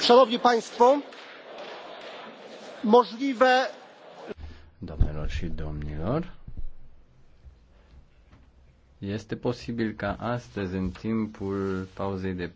Szanowni Państwo, możliwe... Doamnelor și domnilor, este posibil ca astăzi, în timpul pauzei de